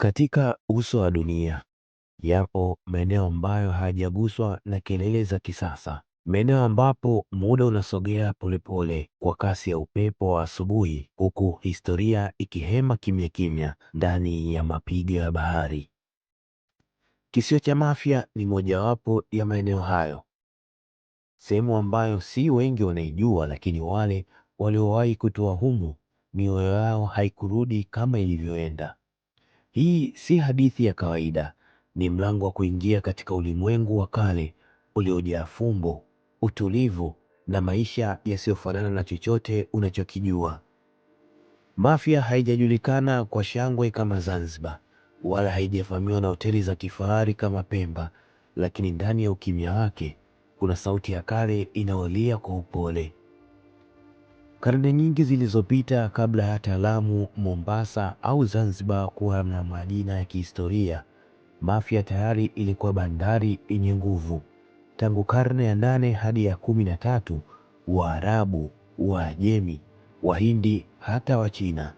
Katika uso wa dunia, yapo maeneo ambayo hayajaguswa na kelele za kisasa, maeneo ambapo muda unasogea polepole kwa kasi ya upepo wa asubuhi, huku historia ikihema kimya kimya ndani ya mapigo ya bahari. Kisiwa cha Mafia ni mojawapo ya maeneo hayo, sehemu ambayo si wengi wanaijua, lakini wale waliowahi kutua humu mioyo yao haikurudi kama ilivyoenda. Hii si hadithi ya kawaida, ni mlango wa kuingia katika ulimwengu wa kale uliojaa fumbo, utulivu na maisha yasiyofanana na chochote unachokijua. Mafia haijajulikana kwa shangwe kama Zanzibar, wala haijavamiwa na hoteli za kifahari kama Pemba, lakini ndani ya ukimya wake kuna sauti ya kale inayolia kwa upole. Karne nyingi zilizopita kabla hata Lamu, Mombasa au Zanzibar kuwa na majina ya kihistoria, Mafia tayari ilikuwa bandari yenye nguvu. Tangu karne ya nane hadi ya kumi na tatu Waarabu, Waajemi, Wahindi hata Wachina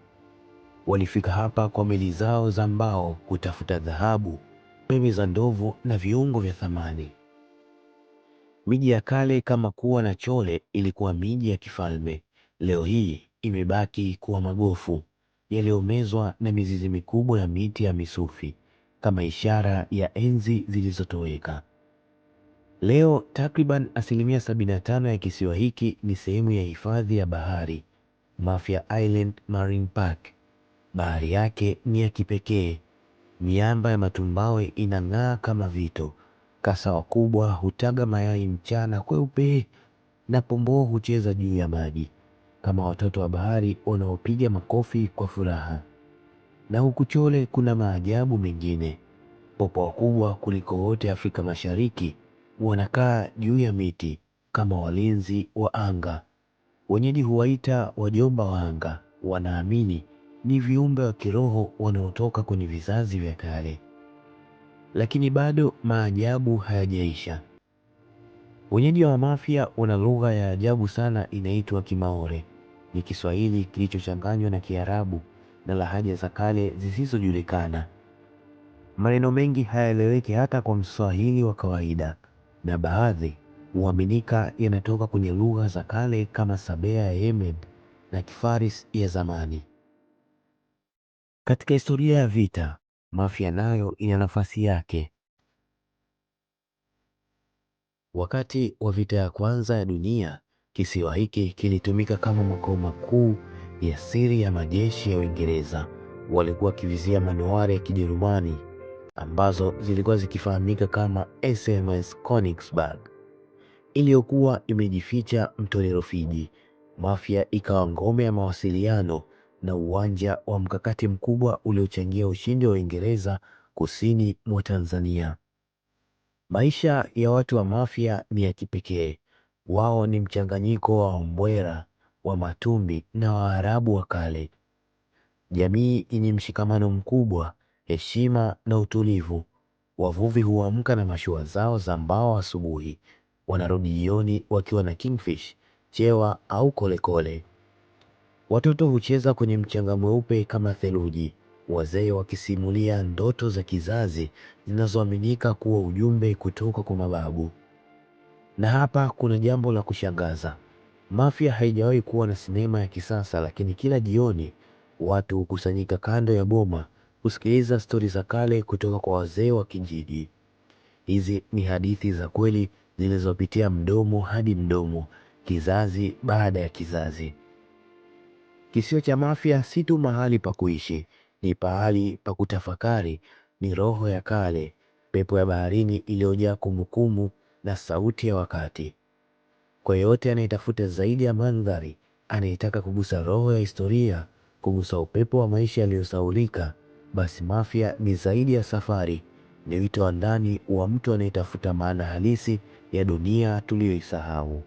walifika hapa kwa meli zao za mbao kutafuta dhahabu, pembe za ndovu na viungo vya thamani. Miji ya kale kama Kuwa na Chole ilikuwa miji ya kifalme leo hii imebaki kuwa magofu yaliyomezwa na mizizi mikubwa ya miti ya misufi kama ishara ya enzi zilizotoweka. Leo takriban asilimia 75 ya kisiwa hiki ni sehemu ya hifadhi ya bahari Mafia Island Marine Park. Bahari yake ni ya kipekee, miamba ya matumbawe inang'aa kama vito, kasa wakubwa hutaga mayai mchana kweupe, na pomboo hucheza juu ya maji kama watoto wa bahari wanaopiga makofi kwa furaha. Na huku Chole kuna maajabu mengine. Popo wakubwa kuliko wote Afrika Mashariki wanakaa juu ya miti kama walinzi wa anga. Wenyeji huwaita wajomba wa anga, wanaamini ni viumbe wa kiroho wanaotoka kwenye vizazi vya kale. Lakini bado maajabu hayajaisha. Wenyeji wa Mafia una lugha ya ajabu sana inaitwa Kimaore. Ni Kiswahili kilichochanganywa na Kiarabu na lahaja za kale zisizojulikana. Maneno mengi hayaeleweki hata kwa Mswahili wa kawaida, na baadhi huaminika yanatoka kwenye lugha za kale kama Sabea ya Yemen na Kifaris ya zamani. Katika historia ya vita, Mafia nayo ina nafasi yake. Wakati wa vita ya kwanza ya dunia, kisiwa hiki kilitumika kama makao makuu ya siri ya majeshi ya Uingereza. Walikuwa wakivizia manowari ya Kijerumani ambazo zilikuwa zikifahamika kama SMS Konigsberg iliyokuwa imejificha mtoni Rufiji. Mafia ikawa ngome ya mawasiliano na uwanja wa mkakati mkubwa uliochangia ushindi wa Uingereza kusini mwa Tanzania. Maisha ya watu wa Mafia ni ya kipekee. Wao ni mchanganyiko wa Wambwera, Wamatumbi na Waarabu wa kale, jamii yenye mshikamano mkubwa, heshima na utulivu. Wavuvi huamka na mashua zao za mbao asubuhi, wanarudi jioni wakiwa na kingfish, chewa au kolekole. Watoto hucheza kwenye mchanga mweupe kama theluji, wazee wakisimulia ndoto za kizazi zinazoaminika kuwa ujumbe kutoka kwa mababu. Na hapa kuna jambo la kushangaza. Mafia haijawahi kuwa na sinema ya kisasa, lakini kila jioni watu hukusanyika kando ya boma kusikiliza stori za kale kutoka kwa wazee wa kijiji. Hizi ni hadithi za kweli zilizopitia mdomo hadi mdomo, kizazi baada ya kizazi. kisio cha Mafia si tu mahali pa kuishi, ni pahali pa kutafakari, ni roho ya kale, pepo ya baharini iliyojaa kumbukumbu na sauti ya wakati. Kwa yeyote anayetafuta zaidi ya mandhari, anayetaka kugusa roho ya historia, kugusa upepo wa maisha yaliyosahaulika, basi Mafia ni zaidi ya safari, ni wito wa ndani wa mtu anayetafuta maana halisi ya dunia tuliyoisahau.